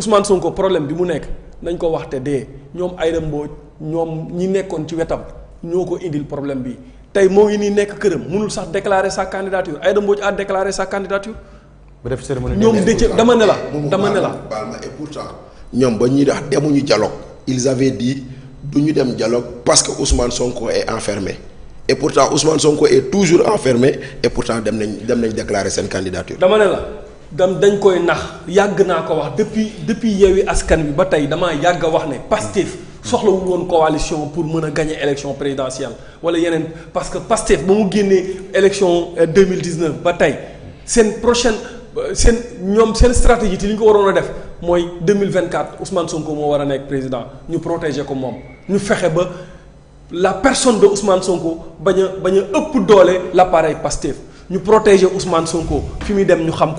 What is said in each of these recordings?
Ousmane Sonko problème bi mu nek nañ ko ñom ñi ci indil problème bi déclarer sa candidature a déclaré sa candidature. et pourtant nous ba ils avaient dit avons dem dialogue parce que Ousmane Sonko est enfermé et pourtant Ousmane Sonko est toujours enfermé et pourtant dem nañ dem nañ déclarer candidature dam dañ koy nax yàgg naa ko wax depuis depuis yewi askan bi ba tey damaa yàgg a wax ne Pastef soxlawul woon coalition pour mën a gagner élection présidentielle wala yeneen parce que Pastef ba mu génnee élection 2019 euh, ba tey seen prochaine euh, seen ñoom seen stratégie te li ñu ko waroon a def mooy 2024 Ousmane Sonko moo war a nekk président ñu protéger ko moom ñu fexe ba la personne de Ousmane Sonko bañ a bañ a ëpp doole l'appareil Pastef nous protéger Ousmane Sonko Nous dem ñu xam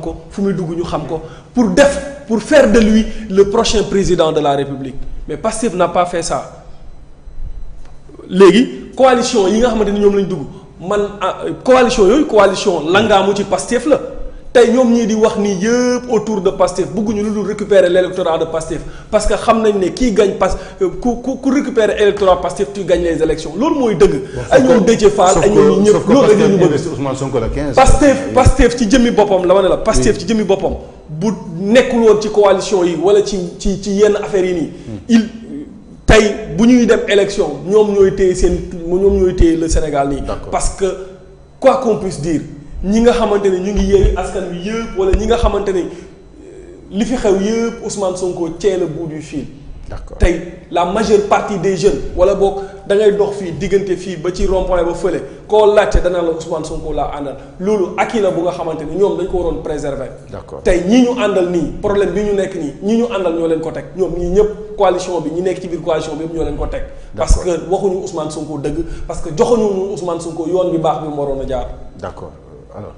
ko pour pour faire de lui le prochain président de la République mais Pastef n'a pas fait ça la ah, coalition il nga a coalition coalition La ci Pastef la tay ñom ñi di wax ni yépp autour de Pastef bëgguñu lu dul récupérer l'électorat de Pastef parce que xam nañ ne kii gagne pas euh, ku ku récupérer électorat Pastef tu gagnes les élections lool moy dëgg. ay ñom Déthié Fall ay ñom ñëpp loolu rek ñu bëgg. Ousmane Sonko la 15. Pastef Pastef ci jëmi boppam la ma ne la. Pastef ci jëmi boppam bu nekkul woon ci coalition yi wala ci ci ci yenn yi ni hmm. il tay bu ñuy dem élection ñom ñoy téy seen ñom ñoy téy le Sénégal ni parce que quoi qu'on puisse dire ñi nga xamante nous ñu ngi que askan wi yëpp wala ñi nga xamante que euh, li fi Ousmane Sonko cee bout du fil. d'accord la majeure partie des jeunes wala boog da ngay dox ba ci rond-point ba la Ousmane Sonko laa loolu la bu nga d'accord ñi ñu problème bi ñu ñi ñu leen ko coalition bi ñi ci coalition bi leen parce que Ousmane Sonko dëgg parce que Ousmane Sonko yoon bi baax bi d'accord alors